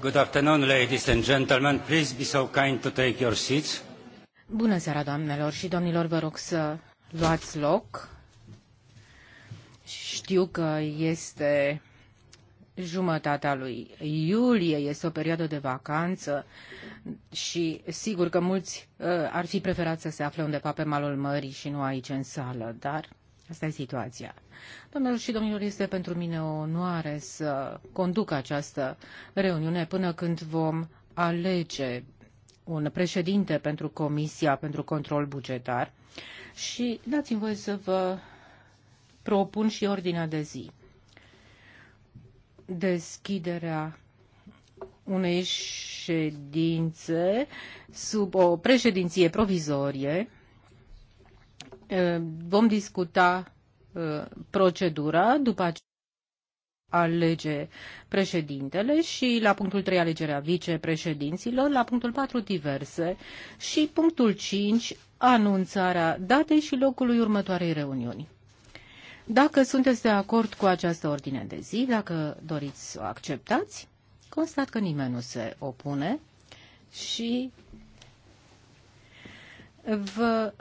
Good afternoon, ladies and gentlemen. Please be so kind to take your seats. Bună seara, doamnelor și domnilor, vă rog să luați loc. Știu că este jumătatea lui iulie, este o perioadă de vacanță și sigur că mulți uh, ar fi preferat să se afle undeva pe malul mării și nu aici în sală, dar Asta e situația. Domnilor și domnilor, este pentru mine o onoare să conduc această reuniune până când vom alege un președinte pentru Comisia pentru Control Bugetar și dați-mi voie să vă propun și ordinea de zi. Deschiderea unei ședințe sub o președinție provizorie vom discuta uh, procedura, după aceea alege președintele și la punctul 3 alegerea vicepreședinților, la punctul 4 diverse și punctul 5 anunțarea datei și locului următoarei reuniuni. Dacă sunteți de acord cu această ordine de zi, dacă doriți să o acceptați, constat că nimeni nu se opune și vă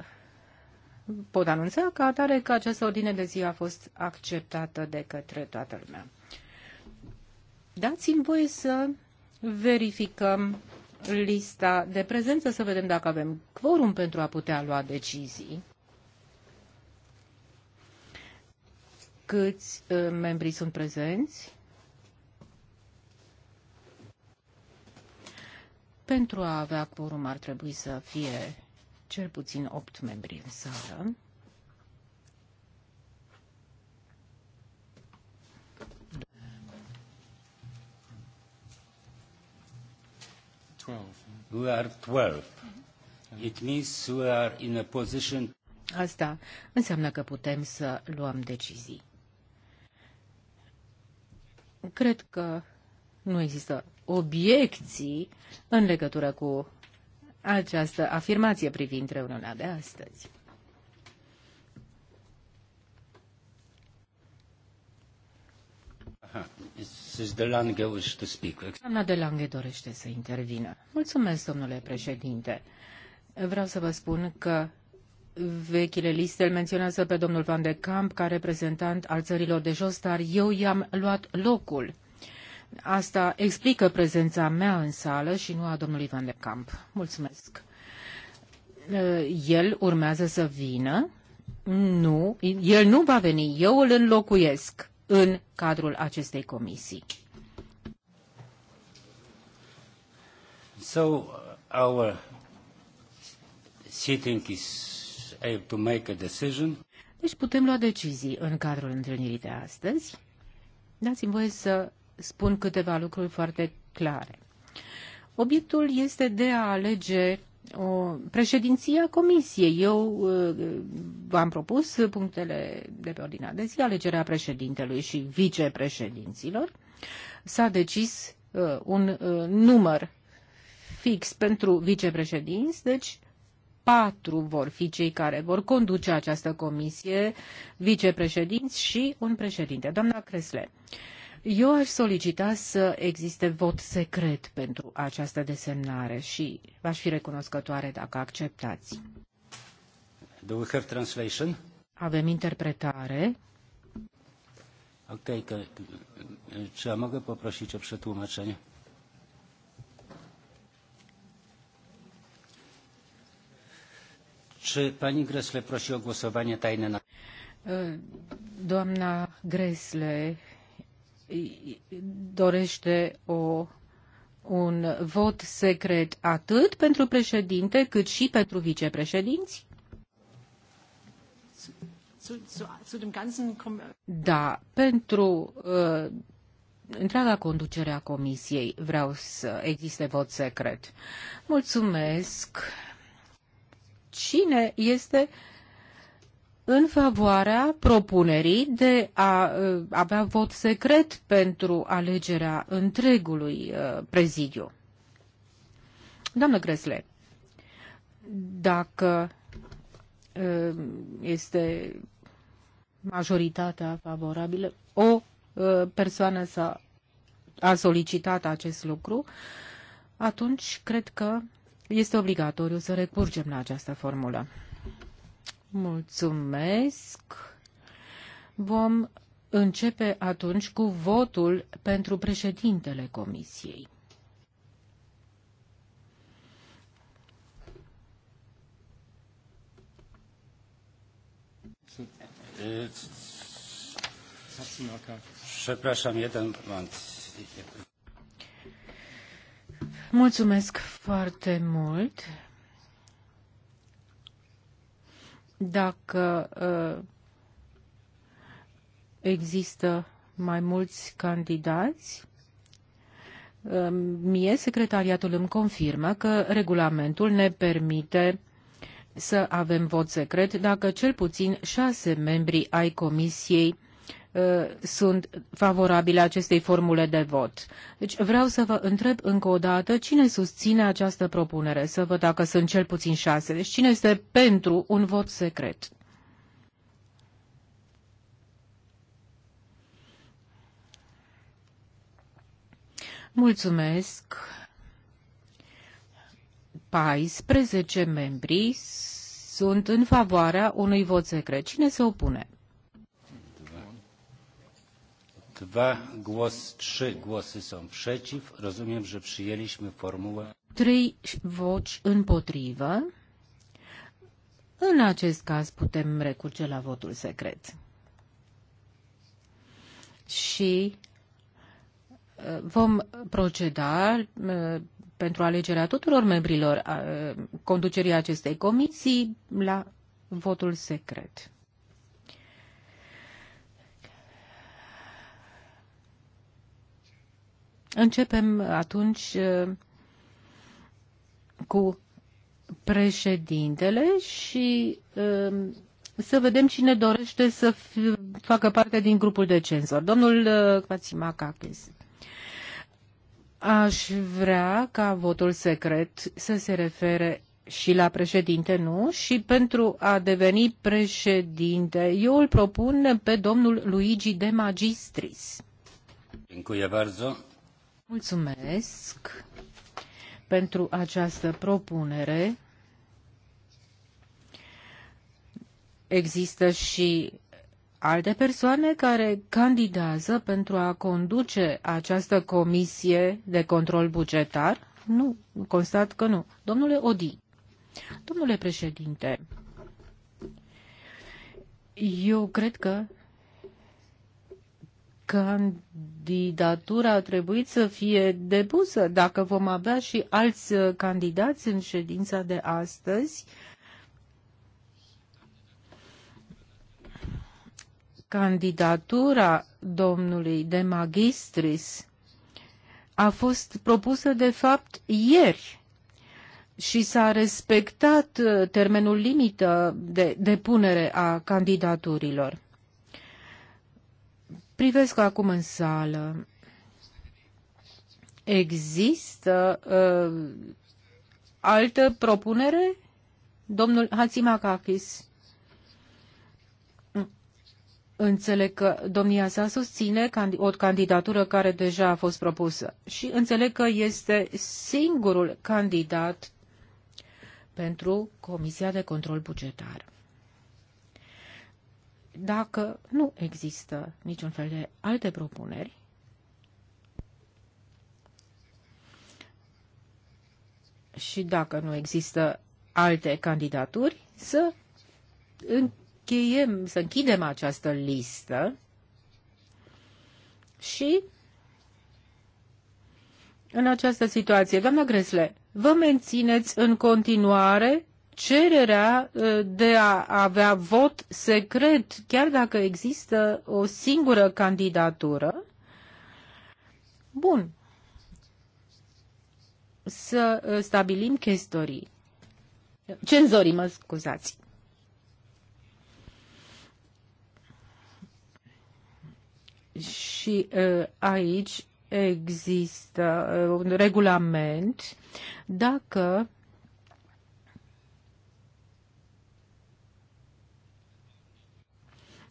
pot anunța ca atare că această ordine de zi a fost acceptată de către toată lumea. Dați-mi voie să verificăm lista de prezență, să vedem dacă avem quorum pentru a putea lua decizii. Câți uh, ă, membrii sunt prezenți? Pentru a avea quorum ar trebui să fie cel puțin 8 membri în sală. We are 12. It means we are in a position Asta înseamnă că putem să luăm decizii. Cred că nu există obiecții în legătură cu această afirmație privind reuniunea de astăzi. De Doamna de Lange dorește să intervină. Mulțumesc, domnule președinte. Vreau să vă spun că vechile liste îl menționează pe domnul Van de Camp ca reprezentant al țărilor de jos, dar eu i-am luat locul. Asta explică prezența mea în sală și nu a domnului Van de Camp. Mulțumesc. El urmează să vină. Nu, el nu va veni. Eu îl înlocuiesc în cadrul acestei comisii. So uh, our sitting is able to make a decision. Deci putem lua decizii în cadrul întâlnirii de astăzi. Dați-mi voie să spun câteva lucruri foarte clare. Obiectul este de a alege o președinția Comisiei. Eu v-am uh, propus punctele de pe ordinea de zi, alegerea președintelui și vicepreședinților. S-a decis uh, un uh, număr fix pentru vicepreședinți, deci patru vor fi cei care vor conduce această comisie, vicepreședinți și un președinte. Doamna Cresle, uh, eu aș solicita să existe vot secret pentru această desemnare și v-aș fi recunoscătoare dacă acceptați. Do we have translation? Avem interpretare. Ok, că ce am mogę poprosić ce pretumăcenie? Czy pani Gresle prosi o głosowanie tajne na... Doamna Gresle dorește o un vot secret atât pentru președinte cât și pentru vicepreședinți? Da, pentru uh, întreaga conducere a comisiei vreau să existe vot secret. Mulțumesc. Cine este în favoarea propunerii de a uh, avea vot secret pentru alegerea întregului uh, prezidiu. Doamnă Gresle, dacă uh, este majoritatea favorabilă, o persoană s-a, a solicitat acest lucru, atunci cred că este obligatoriu să recurgem la această formulă. Mulțumesc. Vom începe atunci cu votul pentru președintele Comisiei. Mulțumesc foarte mult. Dacă uh, există mai mulți candidați, uh, mie secretariatul îmi confirmă că regulamentul ne permite să avem vot secret dacă cel puțin șase membri ai comisiei Uh, sunt favorabile acestei formule de vot. Deci vreau să vă întreb încă o dată cine susține această propunere, să văd dacă sunt cel puțin șase. Deci cine este pentru un vot secret? Mulțumesc. 14 membri sunt în favoarea unui vot secret. Cine se opune? Dwa głos, trzy głosy są przeciw. Rozumiem, że przyjęliśmy formułę. Trei voci împotrivă. În acest caz putem recurge la votul secret. Și uh, vom proceda uh, pentru alegerea tuturor membrilor uh, conducerii acestei comisii la votul secret. Începem atunci cu președintele și să vedem cine dorește să facă parte din grupul de cenzor. Domnul Katsimakakis. Aș vrea ca votul secret să se refere și la președinte, nu? Și pentru a deveni președinte, eu îl propun pe domnul Luigi de Magistris. Dziękuję bardzo. Mulțumesc pentru această propunere. Există și alte persoane care candidează pentru a conduce această comisie de control bugetar? Nu, constat că nu. Domnule Odi, domnule președinte, eu cred că candidatura a trebuit să fie depusă. Dacă vom avea și alți uh, candidați în ședința de astăzi, candidatura domnului de magistris a fost propusă de fapt ieri și s-a respectat uh, termenul limită de depunere a candidaturilor. Privesc acum în sală. Există uh, altă propunere? Domnul Hatzimakakis. Înțeleg că domnia sa susține o candidatură care deja a fost propusă și înțeleg că este singurul candidat pentru Comisia de Control Bugetar. Dacă nu există niciun fel de alte propuneri, și dacă nu există alte candidaturi, să încheiem, să închidem această listă și în această situație, doamna Gresle, vă mențineți în continuare cererea ă, de a avea vot secret, chiar dacă există o singură candidatură. Bun. Să ă, stabilim chestorii. Cenzorii, mă scuzați. Și ă, aici există un regulament dacă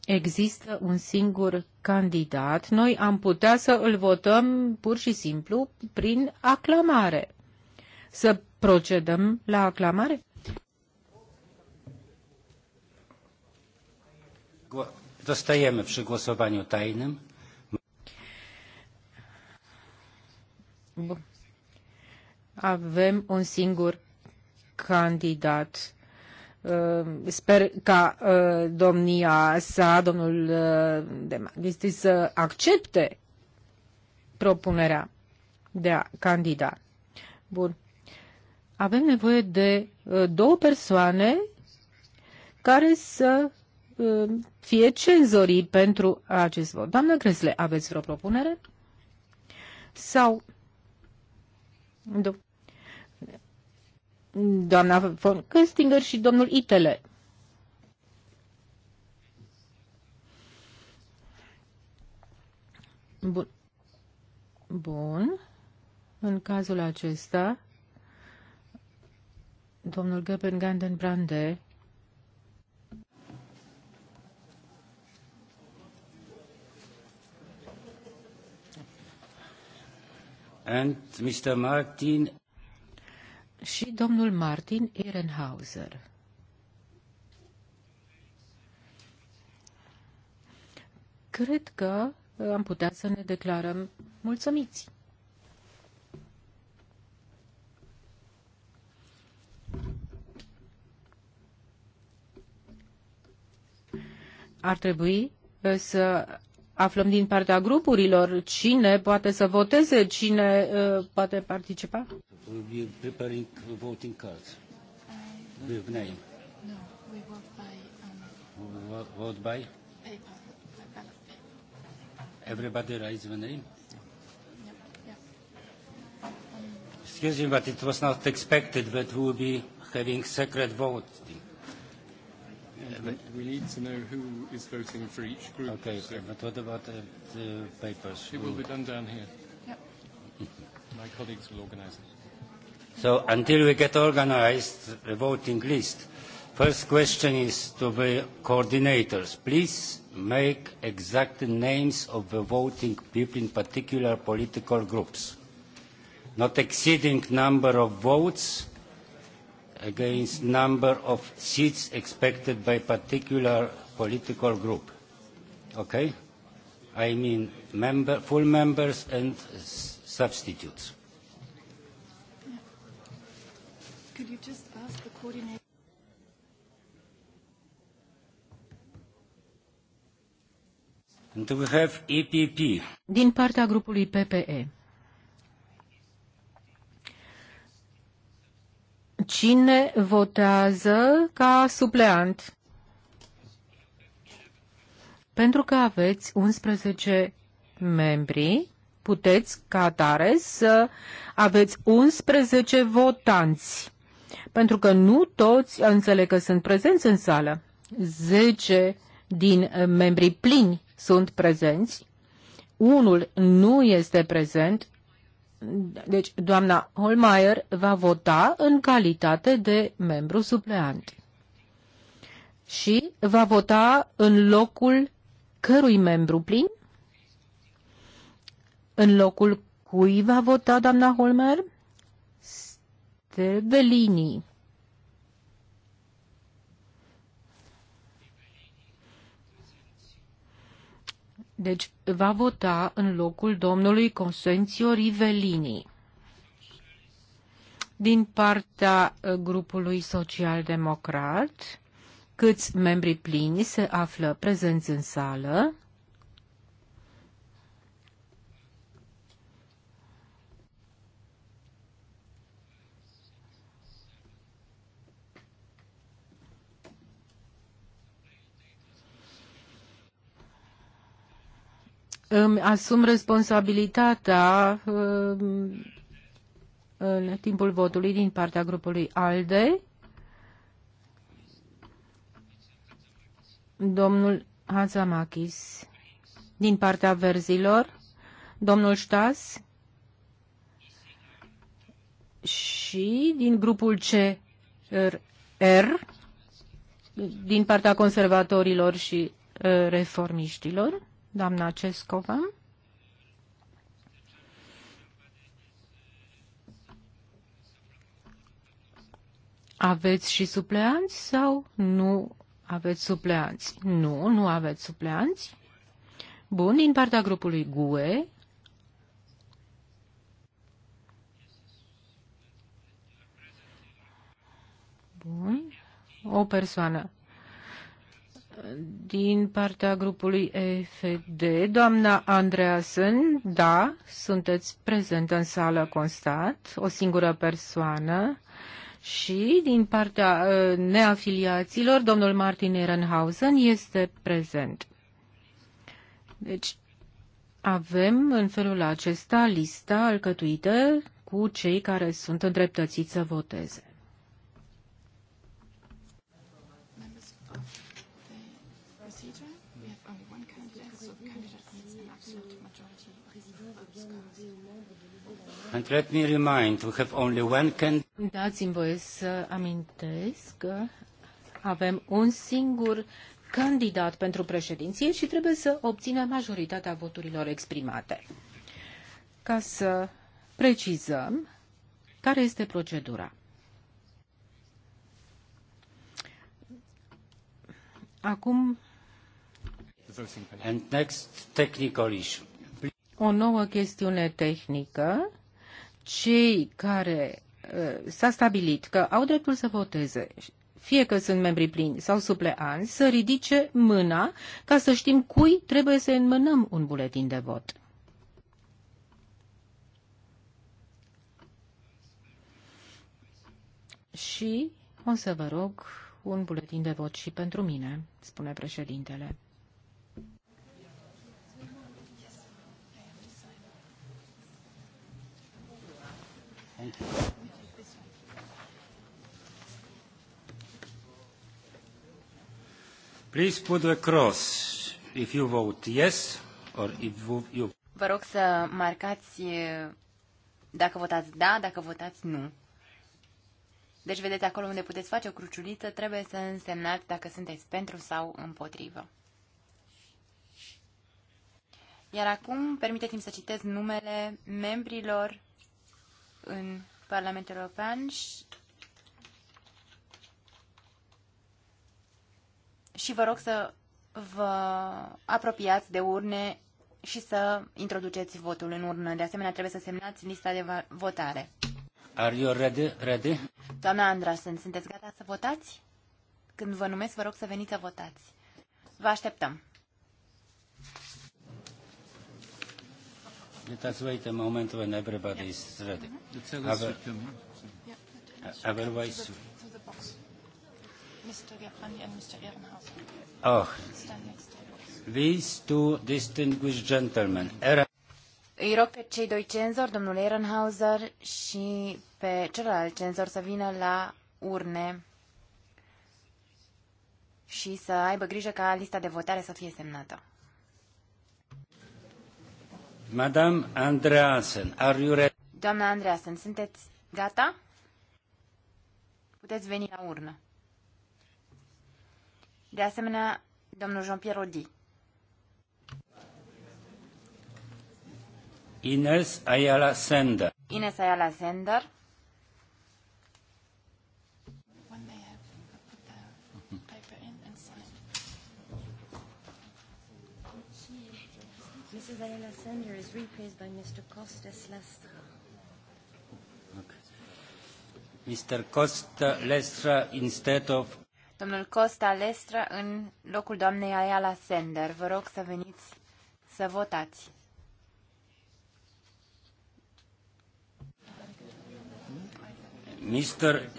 există un singur candidat, noi am putea să îl votăm pur și simplu prin aclamare. Să procedăm la aclamare? Zostajemy przy głosowaniu tajnym. Avem un singur candidat Uh, sper ca uh, domnia sa, domnul uh, de magistri, să accepte propunerea de a candida. Bun. Avem nevoie de două persoane care să fie cenzorii pentru acest vot. Doamnă Cresle, aveți vreo propunere? Sau... Do- doamna von Köstinger și domnul Itele. Bun. Bun. În cazul acesta, domnul Geben Gandenbrande and Mr. Martin și domnul Martin Ehrenhauser. Cred că uh, am putea să ne declarăm mulțumiți. Ar trebui uh, să aflăm din partea grupurilor cine poate să voteze, cine uh, poate participa? We Preparing voting cards. Uh, With name. No, we vote by... Um... Vote by? Paper. Everybody writes the name? Excuse me, but it was not expected that we will be having secret voting and we need to know who is voting for each group. Okay, so. but what about uh, the papers? It will be mm. done down here. Yep. My colleagues will organize it. So until we get organized, the voting list. First question is to the coordinators. Please make exact names of the voting people in particular political groups, not exceeding number of votes against number of seats expected by particular political group. Okay? I mean member, full members and substitutes. Could you just ask the coordinator? Do we have EPP. Din partea grupului PPE. cine votează ca supleant. Pentru că aveți 11 membri, puteți ca tare să aveți 11 votanți. Pentru că nu toți înțeleg că sunt prezenți în sală. 10 din membrii plini sunt prezenți, unul nu este prezent, deci, doamna Holmeier va vota în calitate de membru supleant și va vota în locul cărui membru plin? În locul cui va vota doamna Holmeier? Sterbelini. Deci va vota în locul domnului Consențio Rivelini din partea uh, grupului social-democrat, câți membri plini se află prezenți în sală. îmi asum responsabilitatea uh, în timpul votului din partea grupului ALDE. Domnul Hazamakis din partea verzilor, domnul Ștas și din grupul CR din partea conservatorilor și uh, reformiștilor doamna Cescova. Aveți și supleanți sau nu aveți supleanți? Nu, nu aveți supleanți. Bun, din partea grupului GUE. Bun. O persoană din partea grupului EFD, doamna Andreasen, da, sunteți prezent în sală, constat, o singură persoană. Și din partea uh, neafiliaților, domnul Martin Ehrenhausen este prezent. Deci avem în felul acesta lista alcătuită cu cei care sunt îndreptățiți să voteze. And let me remind, we have only one candidate. Dați-mi voie să amintesc că avem un singur candidat pentru președinție și trebuie să obțină majoritatea voturilor exprimate. Ca să precizăm care este procedura. Acum o nouă chestiune tehnică cei care uh, s-a stabilit că au dreptul să voteze, fie că sunt membri plini sau supleani, să ridice mâna ca să știm cui trebuie să înmânăm un buletin de vot. Și o să vă rog un buletin de vot și pentru mine, spune președintele. Please put a cross if you vote yes or if you... Vă rog să marcați dacă votați da, dacă votați nu. Deci vedeți acolo unde puteți face o cruciuliță, trebuie să însemnați dacă sunteți pentru sau împotrivă. Iar acum permiteți-mi să citesc numele membrilor în Parlamentul European și, și vă rog să vă apropiați de urne și să introduceți votul în urnă. De asemenea, trebuie să semnați lista de votare. Are you ready? ready? Doamna Andrasen, sunteți gata să votați? Când vă numesc, vă rog să veniți să votați. Vă așteptăm. Let us wait a moment when yeah. is Mm -hmm. Other, yeah, otherwise... To the, to the Oh. These two distinguished gentlemen. îi rog pe cei doi cenzori, domnul Ehrenhauser și pe celălalt cenzor, să vină la urne și să aibă grijă ca lista de votare să fie semnată. Madame Andreasen, are you ready? Doamna Andreasen, sunteți gata? Puteți veni la urnă. De asemenea, domnul Jean-Pierre Odi. Ines Ayala Sender. Ines Ayala Sender. Ayala Sender is replaced by Mr. Costas Lastra. Mr. Costa Lestra instead of... Domnul Costa Lestra în locul doamnei Ayala Sender. Vă rog să veniți să votați. Mr.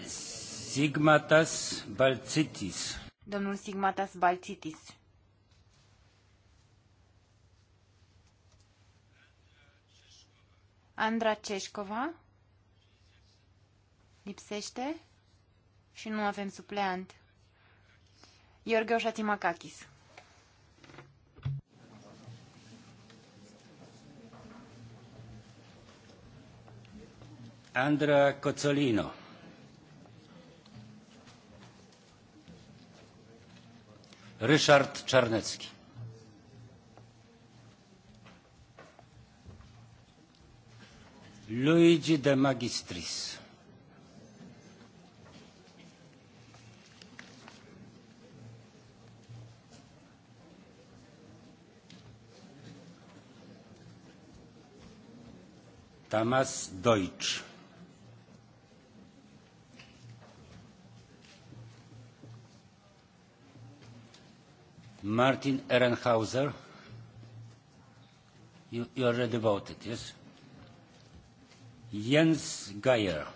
Sigmatas Balcitis. Domnul Sigmatas Balcitis. Andra Ceșcova lipsește și nu avem supleant. Iorghe Oșatimakakis. Andra Cozzolino. Ryszard Czarnecki. Luigi de Magistris. Tamas Deutsch. Martin Ehrenhauser. You, you already voted, yes? Jens Geier.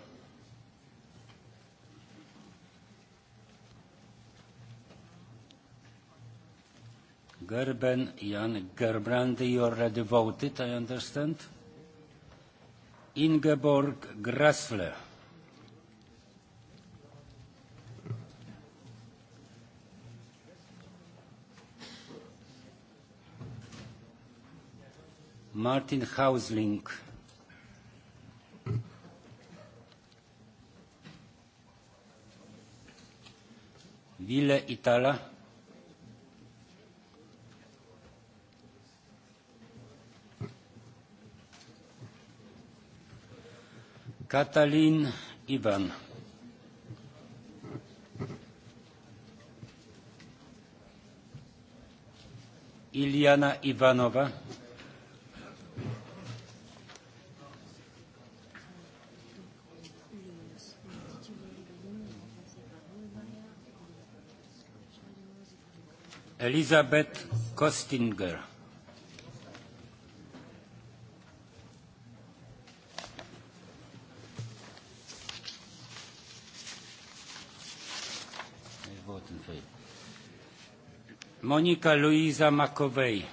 Gerben Jan Gerbrand, you already voted, I understand. Ingeborg Grassle. Martin Hausling. Ville Itala. Catalin Ivan. Iliana Ivanova. Elizabeth Kostinger. Deci Monica Luisa Macovei,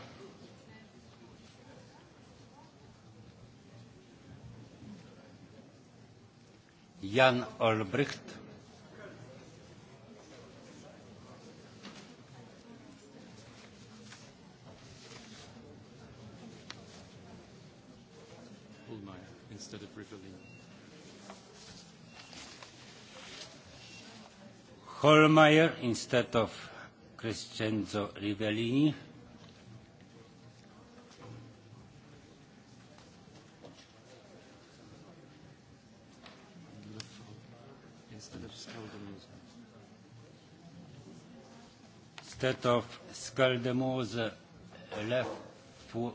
Jan Olbrycht. Holmeyer instead of Crescenzo Rivellini. Instead of Skaldemose left four.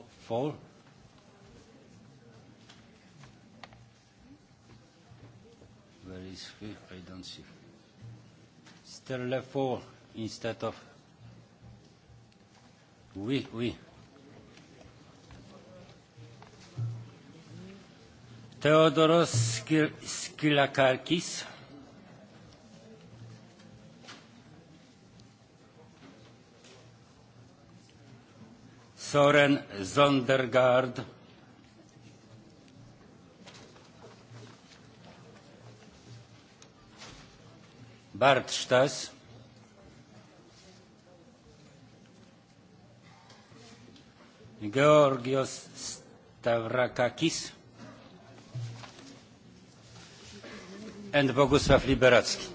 Where is he? I don't see. Mr. Lefort instead of... Oui, oui. Theodoros Skylakakis. Soren Zondergaard. Bart Stas. Georgios Stavrakakis and Bogusław Liberacki.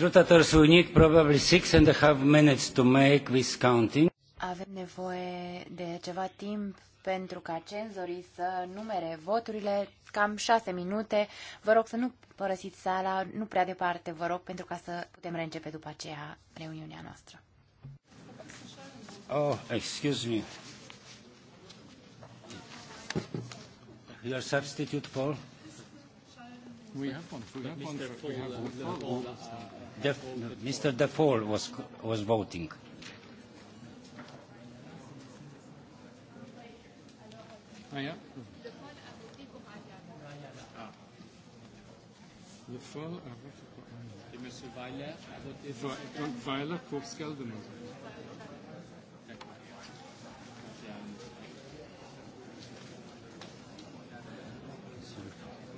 Scrutators, we and a half minutes to make this counting. Avem nevoie de ceva timp pentru ca cenzorii să numere voturile, cam șase minute. Vă rog să nu părăsiți sala, nu prea departe, vă rog, pentru ca să putem reîncepe după aceea reuniunea noastră. Oh, excuse me. Your substitute, Paul? We have one. We have one. We have one. Uh, Mr. Defoe was, was voting. Ah, yeah. Le Foll a voté pour Anne. Et Weiler a Weiler pour Skaldenhausen.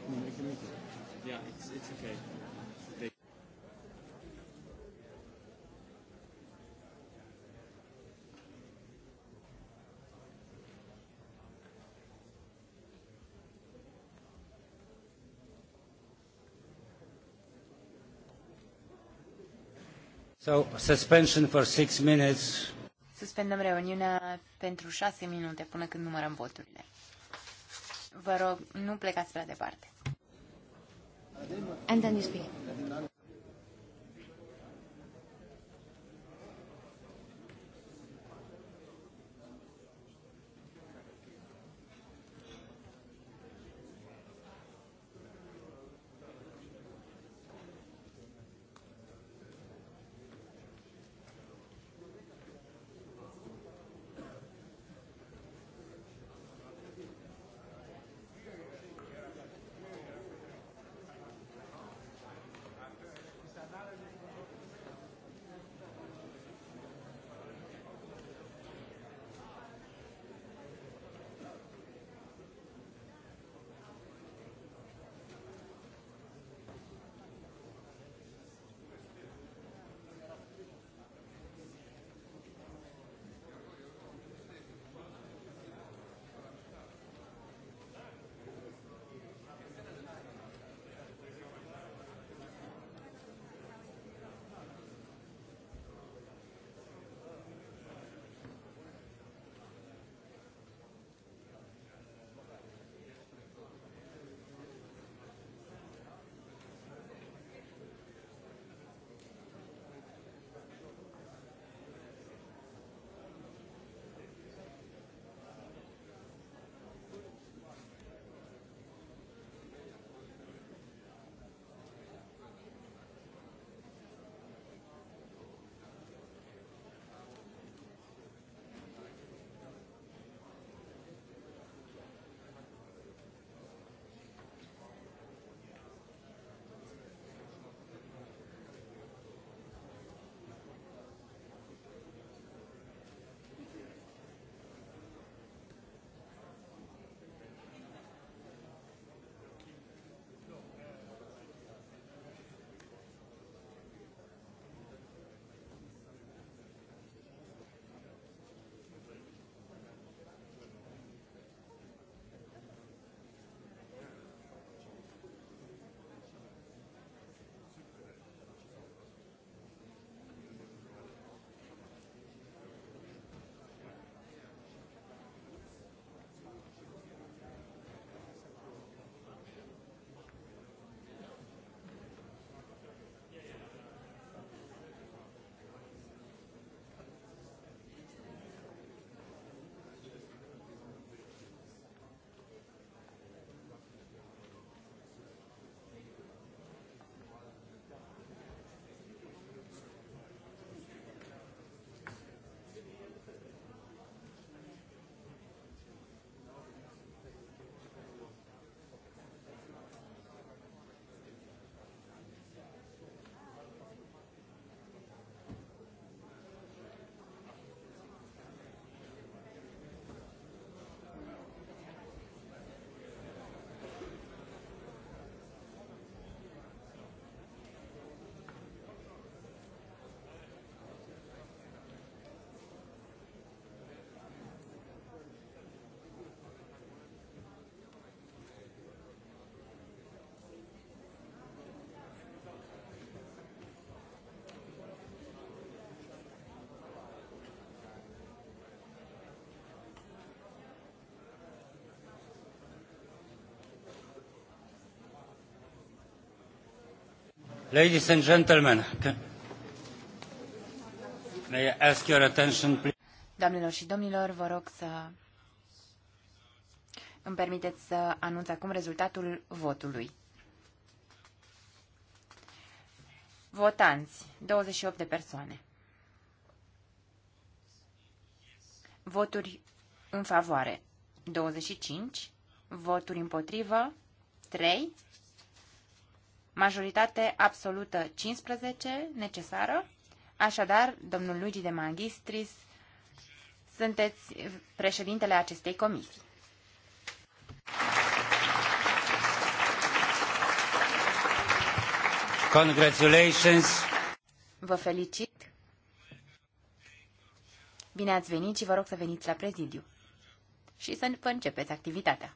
D'accord. Yeah, it's, it's okay. So, suspension for six minutes. Suspendăm reuniunea pentru șase minute până când numărăm voturile. Vă rog, nu plecați prea departe. And then you speak. Ladies and gentlemen, may I ask your attention, please? Doamnelor și domnilor, vă rog să îmi permiteți să anunț acum rezultatul votului. Votanți, 28 de persoane. Voturi în favoare, 25. Voturi împotrivă, 3 majoritate absolută 15 necesară. Așadar, domnul Luigi de Magistris, sunteți președintele acestei comisii. Congratulations! Vă felicit! Bine ați venit și vă rog să veniți la prezidiu și să începeți activitatea.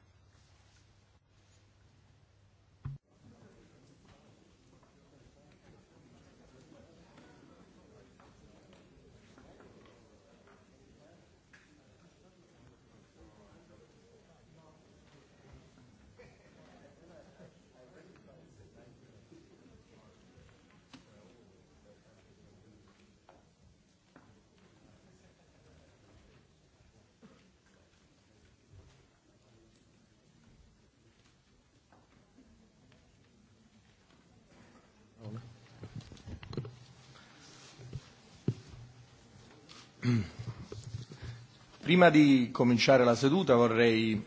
Prima di cominciare la seduta vorrei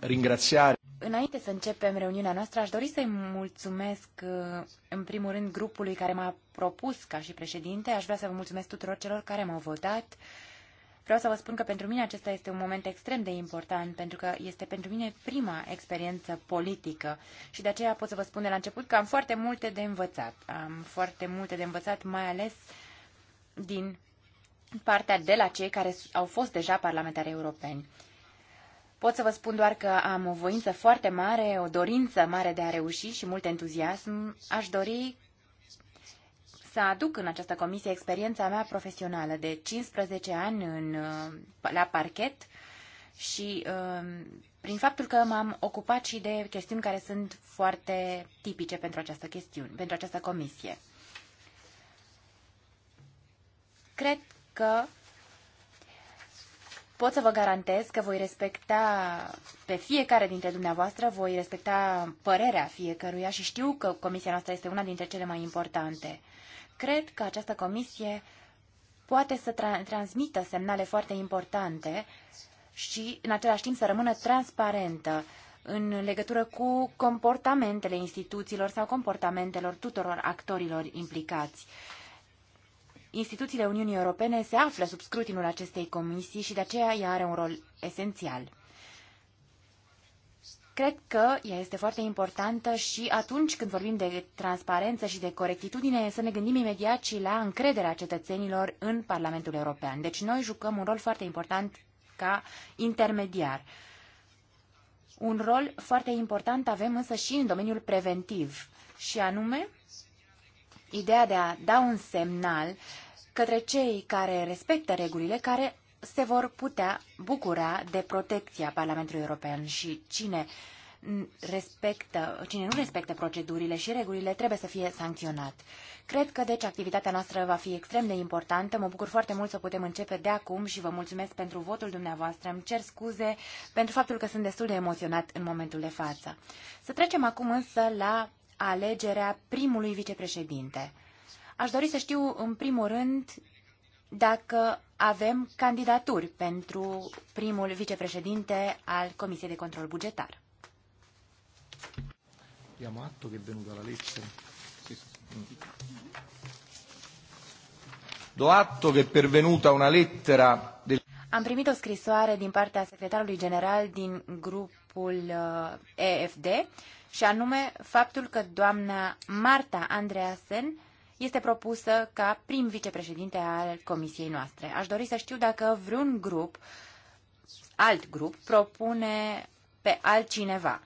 ringraziare Înainte să începem reuniunea noastră, aș dori să-i mulțumesc, uh, în primul rând, grupului care m-a propus ca și președinte. Aș vrea să vă mulțumesc tuturor celor care m-au votat. Vreau să vă spun că pentru mine acesta este un moment extrem de important, pentru că este pentru mine prima experiență politică și de aceea pot să vă spun de la început că am foarte multe de învățat. Am foarte multe de învățat, mai ales din partea de la cei care au fost deja parlamentari europeni. Pot să vă spun doar că am o voință foarte mare, o dorință mare de a reuși și mult entuziasm. Aș dori să aduc în această comisie experiența mea profesională de 15 ani în, uh, la parchet și um, prin faptul că m-am ocupat și de chestiuni care sunt foarte tipice pentru această chestiune, pentru această comisie. Cred că pot să vă garantez că voi respecta pe fiecare dintre dumneavoastră, voi respecta părerea fiecăruia și știu că comisia noastră este una dintre cele mai importante. Cred că această comisie poate să tra- transmită semnale foarte importante și în același timp să rămână transparentă în legătură cu comportamentele instituțiilor sau comportamentelor tuturor actorilor implicați instituțiile Uniunii Europene se află sub scrutinul acestei comisii și de aceea ea are un rol esențial. Cred că ea este foarte importantă și atunci când vorbim de transparență și de corectitudine, să ne gândim imediat și la încrederea cetățenilor în Parlamentul European. Deci noi jucăm un rol foarte important ca intermediar. Un rol foarte important avem însă și în domeniul preventiv, și anume ideea de a da un semnal către cei care respectă regulile, care se vor putea bucura de protecția Parlamentului European și cine respectă, cine nu respectă procedurile și regulile trebuie să fie sancționat. Cred că, deci, activitatea noastră va fi extrem de importantă. Mă bucur foarte mult să putem începe de acum și vă mulțumesc pentru votul dumneavoastră. Îmi cer scuze pentru faptul că sunt destul de emoționat în momentul de față. Să trecem acum însă la alegerea primului vicepreședinte. Aș dori să știu, în primul rând, dacă avem candidaturi pentru primul vicepreședinte al Comisiei de Control Bugetar. Iamo atto che è venuta la Do atto che è pervenuta una lettera del... Am primit o scrisoare din partea secretarului general din grupul uh, EFD și anume faptul că doamna Marta Andreasen este propusă ca prim vicepreședinte al comisiei noastre. Aș dori să știu dacă vreun grup, alt grup, propune pe altcineva.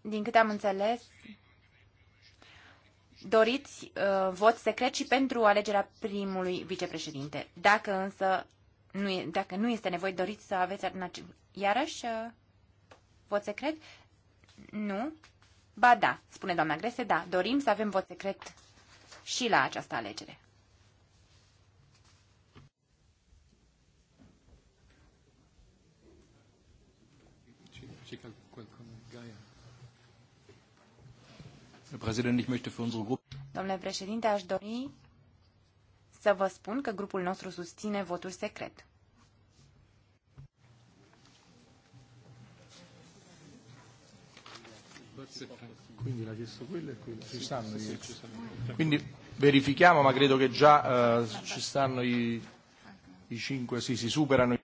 Din câte am înțeles, doriți uh, vot secret și pentru alegerea primului vicepreședinte. Dacă însă nu e, dacă nu este nevoie, doriți să aveți iarăși uh, vot secret? Nu? Ba da, spune doamna Grese, da, dorim să avem vot secret și la această alegere. Domnule președinte, aș dori să vă spun că grupul nostru susține votul secret. Quindi l'ha chiesto quello e quello. Ci stanno i... Quindi verifichiamo, ma credo che già uh, ci stanno i, i cinque, sì, si superano.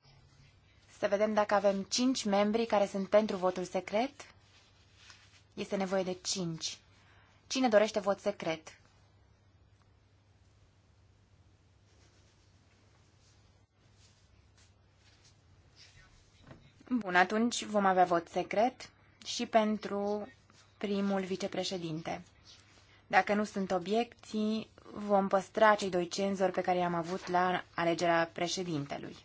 Să vedem dacă avem cinci membri care sunt pentru votul secret. Este nevoie de cinci. Cine dorește vot secret? Bun, atunci vom avea vot secret și pentru primul vicepreședinte. Dacă nu sunt obiecții, vom păstra cei doi cenzori pe care i-am avut la alegerea președintelui.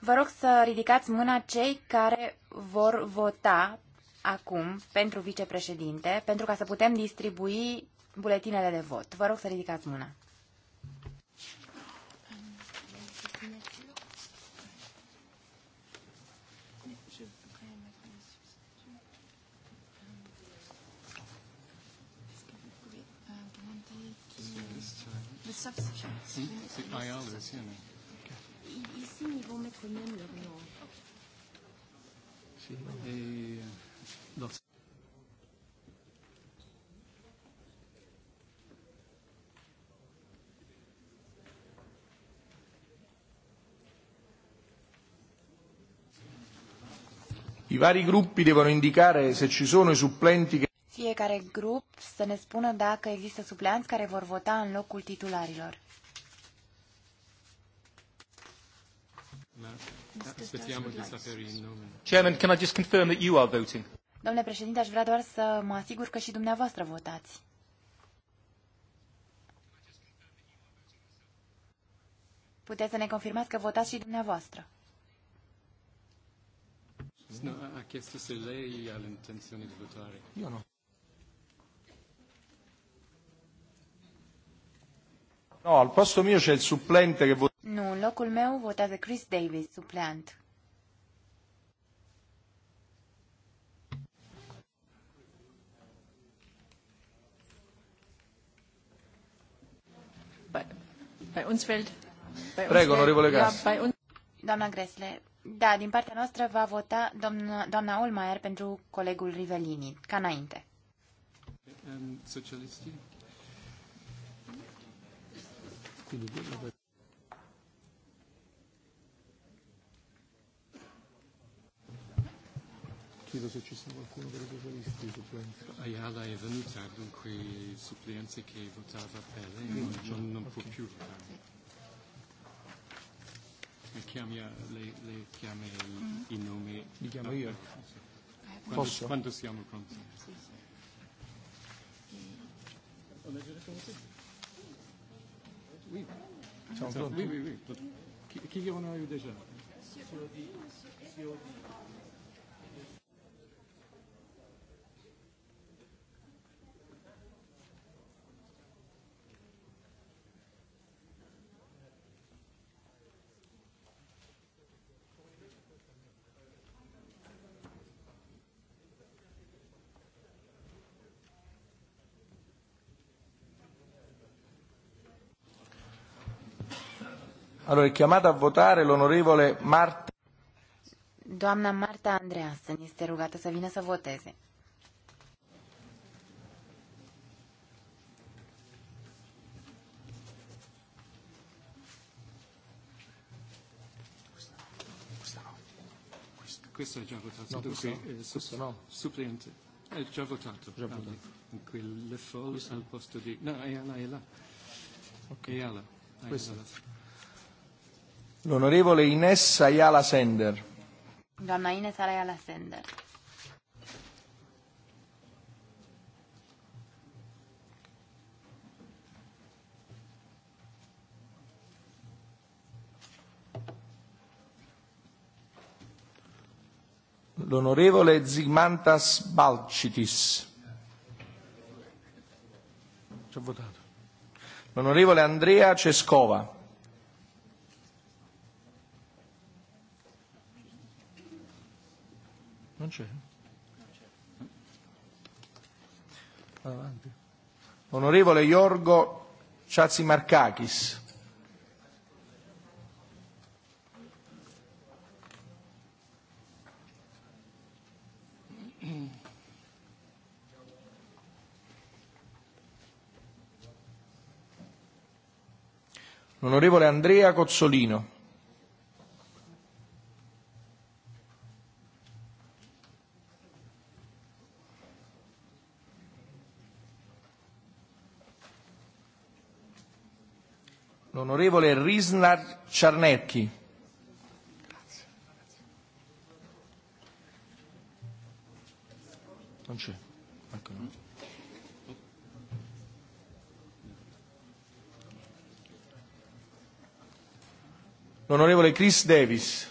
Vă rog să ridicați mâna cei care vor vota acum pentru vicepreședinte, pentru ca să putem distribui buletinele de vot. Vă rog să ridicați mâna. Si, c'est Ayala aussi. Okay. Ici, ils vont mettre même leur nom. et dans I vari gruppi devono indicare se ci sono i supplenti che fiecare grup să ne spună dacă există supleanți care vor vota în locul titularilor. Chairman, can I just confirm that you are voting? Domnule președinte, aș vrea doar să mă asigur că și dumneavoastră votați. Puteți să ne confirmați că votați și dumneavoastră. No, ha chiesto se lei al l'intenzione de votare. Io no. No, al posto mio c'è il supplente che vota... Nu, în locul meu votează Chris Davis, supleant. Bei uns fällt... Prego, onorevole Gas. Ja, un... Doamna Gresle, da, din partea noastră va vota doamna, doamna Olmaier pentru colegul Rivelini, ca înainte. Ehm, socialistii? chiedo se ci sia qualcuno dei socialisti supplenti. Ayala è venuta, dunque il supplente che votava per lei non, non, non okay. può più votare. Le, chiami, le lei chiama mm. i nomi. Li chiamo ah, io. Quando, Posso? Quando siamo pronti? Sì, sì. Mm. Oui, oui, oui. oui. Qui, qui y en a eu déjà COD, COD. Allora è chiamata a votare l'onorevole Marta. Doamna Marta Andreasen este rugată să vină să voteze. Questo è già votato. No, questo, qui, eh, questo no. Suppliente. È già votato. Già votato. In quel folle al posto di... No, è là, è là. Ok. È là. È là. L'onorevole Ines Ayala Sender. Doamna Ines Ayala Sender. L'onorevole Zigmantas Balcitis. L'onorevole Andrea Cescova. c'è. Avanti. Onorevole Iorgo Ciazimarcakis. Onorevole Andrea Cozzolino. l'onorevole Risnar Ciarnecchi. Non c'è. Ecco. L'onorevole Chris Davis.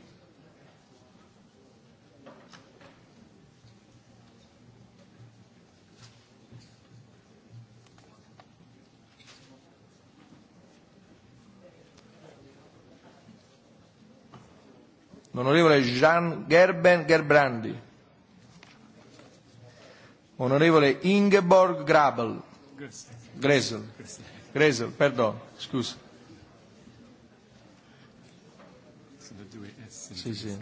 Jean Gerben Gerbrandi. Onorevole Ingeborg Grabel. Gresel. Gresel, perdon, scusa. Sì, sì.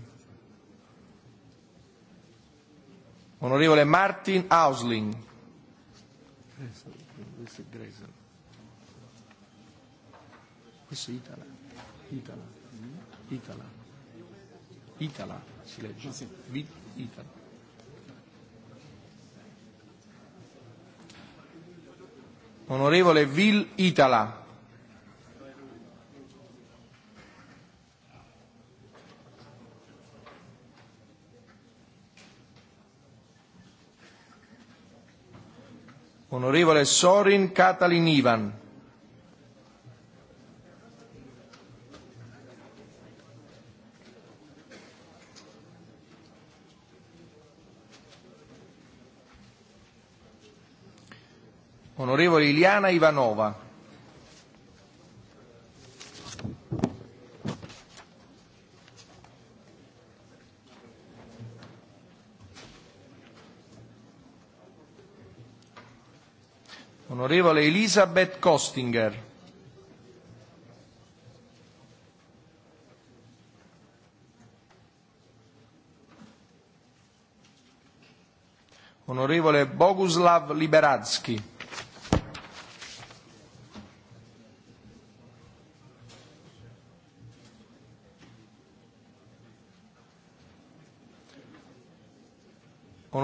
Onorevole Martin Ausling. Questo è Italia. Italia. è Itala. Itala. Itala. Itala si legge. Ah, Vit Itala. Onorevole Vil Itala. Onorevole Sorin Katalin Ivan. onorevole Iliana Ivanova. Onorevole Elisabeth Kostinger. Onorevole Boguslav Liberadski.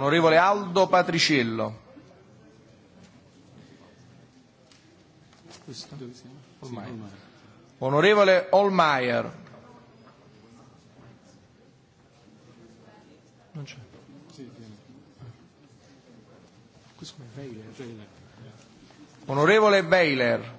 Onorevole Aldo Patriciello. Onorevole Olmaier. Non c'è. Onorevole Bailer.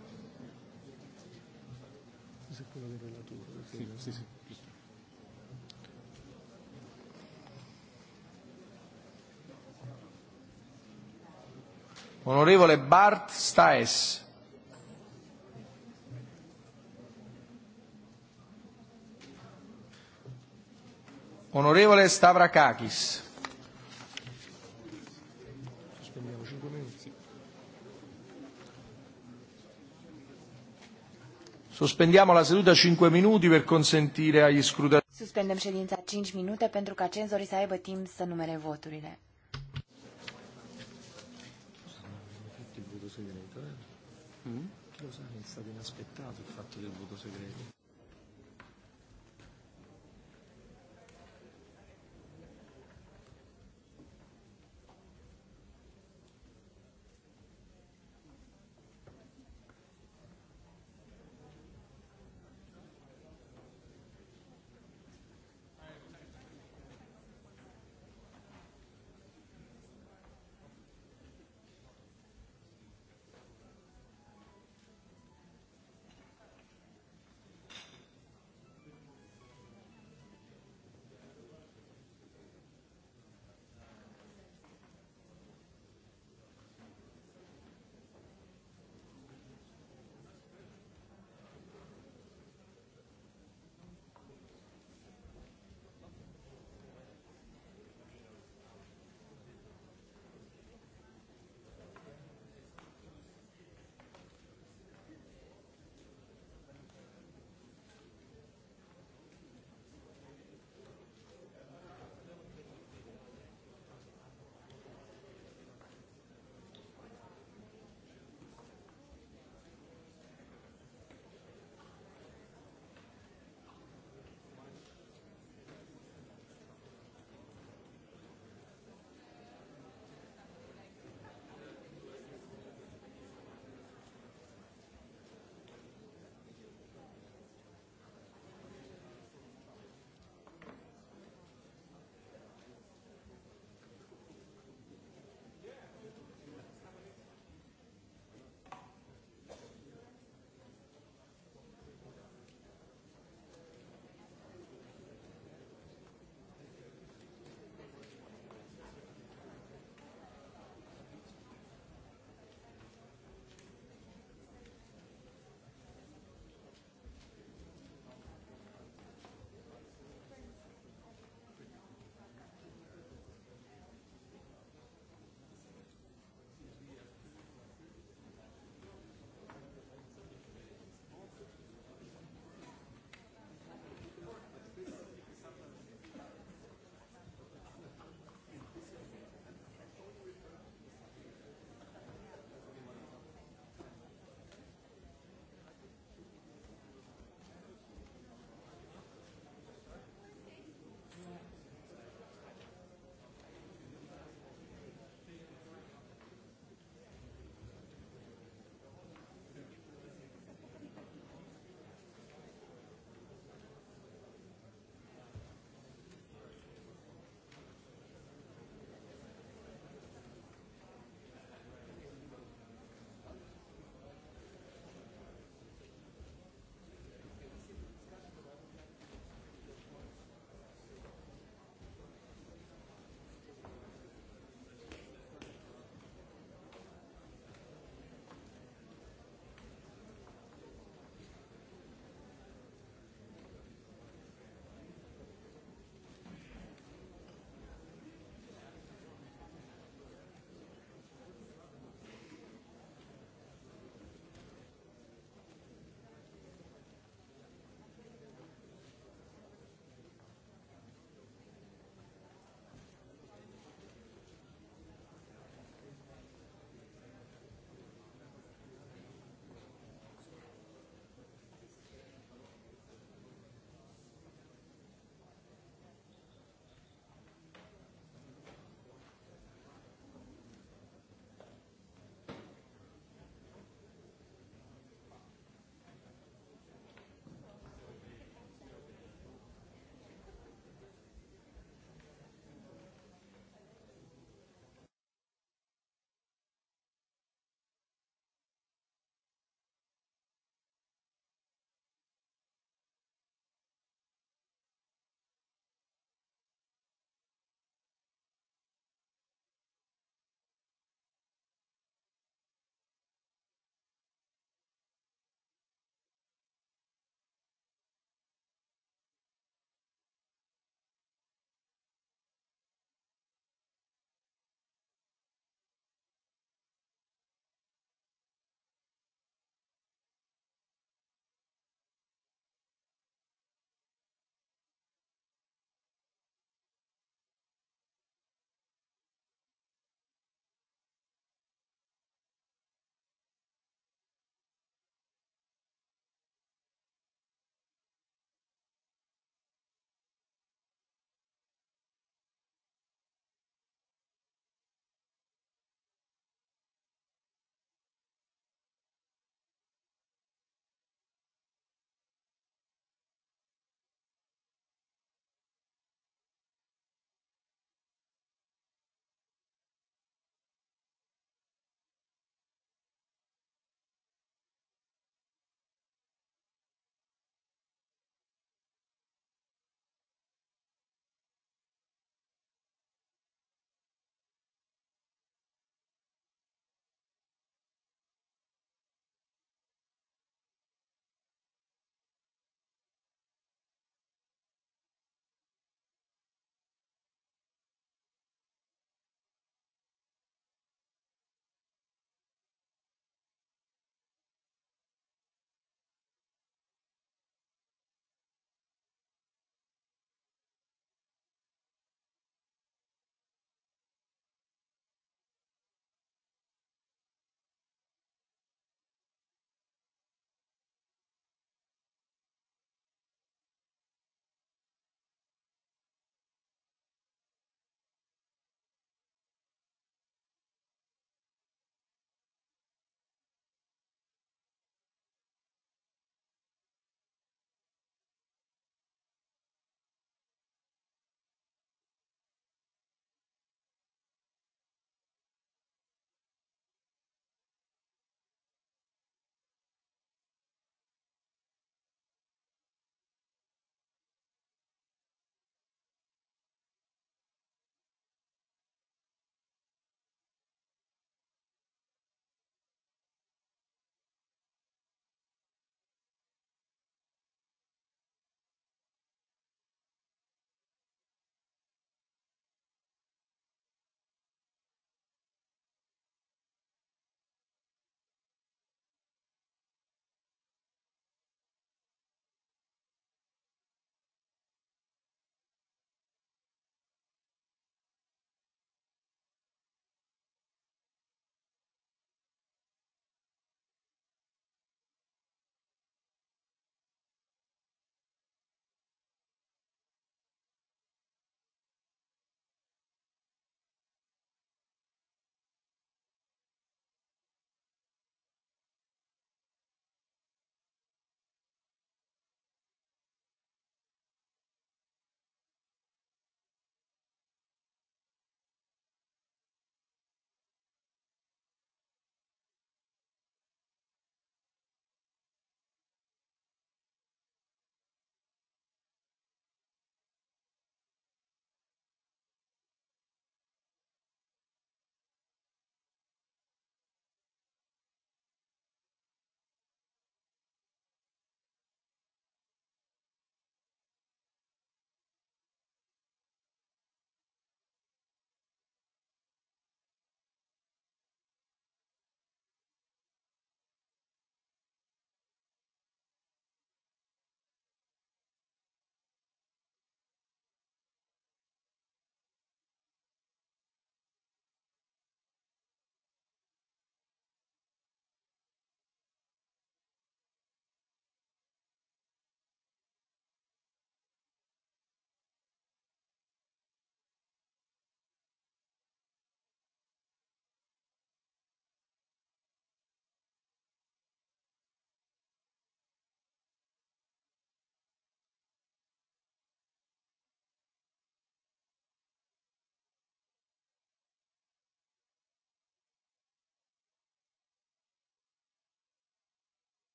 Onorevole Bart Staes. Onorevole Stavrakakis. Sospendiamo la seduta 5 minuti per consentire agli scrutatori. Suspendem ședința 5 minute pentru ca cenzorii să aibă timp să numere voturile. Mm? Lo sa, è stato inaspettato il fatto del voto segreto.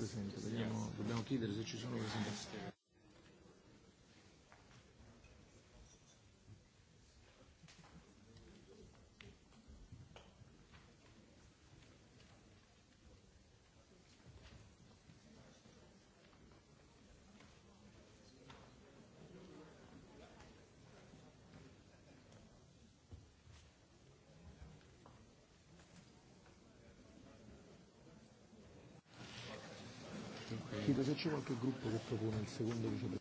Presidente, vediamo, dobbiamo chiedere se ci sono presentazioni. chiedo deci se c'è qualche gruppo che propone il secondo vicepresidente.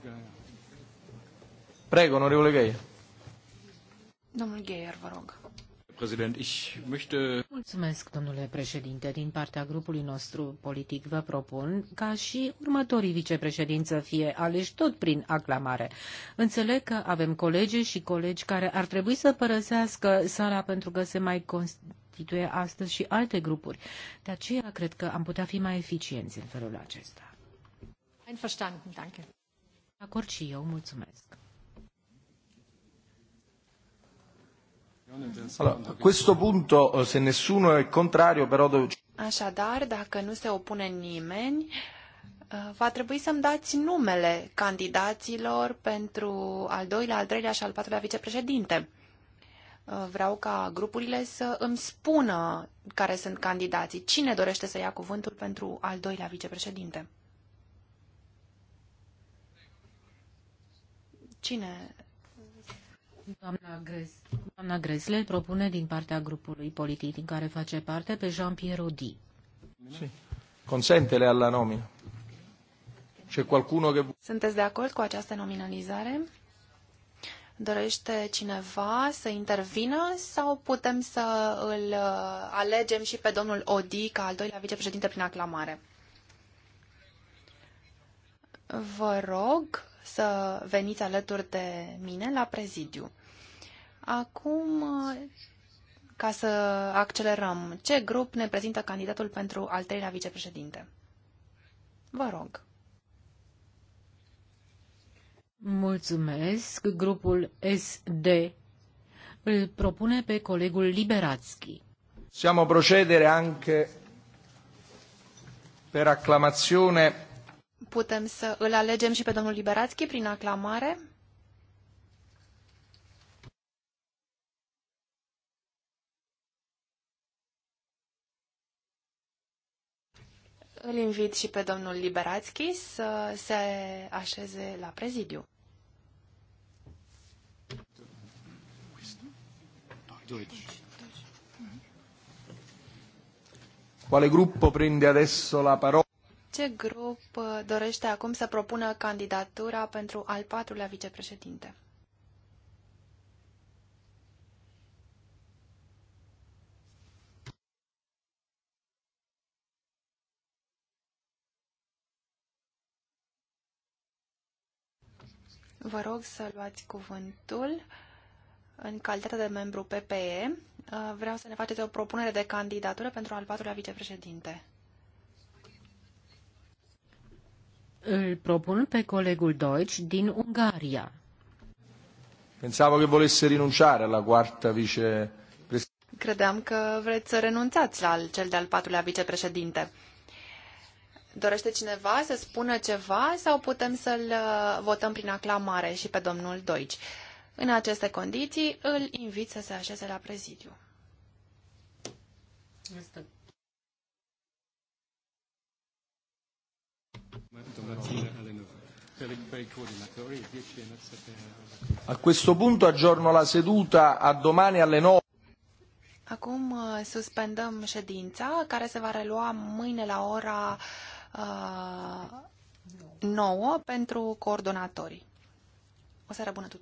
Deci Prego, onorevole Geier. Domnul Geier, vă rog. President, ich möchte... Mulțumesc, domnule președinte. Din partea grupului nostru politic vă propun ca și următorii vicepreședinți să fie aleși tot prin aclamare. Înțeleg că avem colegi și colegi care ar trebui să părăsească sala pentru că se mai constituie astăzi și alte grupuri. De aceea cred că am putea fi mai eficienți în felul acesta. Einverstanden, danke. Acord și eu, mulțumesc. Allora, a questo punto, eh, se nessuno è contrario, però... Așadar, dacă nu se opune nimeni, eh, va trebui să-mi dați numele candidaților pentru al doilea, al treilea și al patrulea vicepreședinte. Eh, vreau ca grupurile să îmi spună care sunt candidații. Cine dorește să ia cuvântul pentru al doilea vicepreședinte? Cine Doamna, Grez, doamna Grezle propune din partea grupului politic din care face parte pe Jean-Pierre Odi. Si. Consentele alla nomina. C'è qualcuno che... Sunteți de acord cu această nominalizare? Dorește cineva să intervină sau putem să îl uh, alegem și pe domnul Odi ca al doilea vicepreședinte prin aclamare? Vă rog să veniți alături de mine la prezidiu. Acum, ca să accelerăm, ce grup ne prezintă candidatul pentru al treilea vicepreședinte? Vă rog. Mulțumesc. Grupul SD îl propune pe colegul Liberatski. Siamo procedere anche per acclamazione putem să îl alegem și pe domnul Liberațchi prin aclamare? Îl invit și pe domnul Liberațchi să se așeze la prezidiu. Quale gruppo prende adesso la parola? Ce grup uh, dorește acum să propună candidatura pentru al patrulea vicepreședinte? Vă rog să luați cuvântul în calitate de membru PPE. Uh, vreau să ne faceți o propunere de candidatură pentru al patrulea vicepreședinte. Îl propun pe colegul Deutsch din Ungaria. Pensavo che volesse rinunciare alla quarta vice Credeam că vreți să renunțați la cel de-al patrulea vicepreședinte. Dorește cineva să spună ceva sau putem să-l uh, votăm prin aclamare și pe domnul Doici? În aceste condiții îl invit să se așeze la prezidiu. Asta. A questo punto aggiorno la seduta a domani alle 9. Acum uh, suspendăm ședința care se va relua mâine la ora uh, 9 pentru coordonatori. O seară bună tuturor!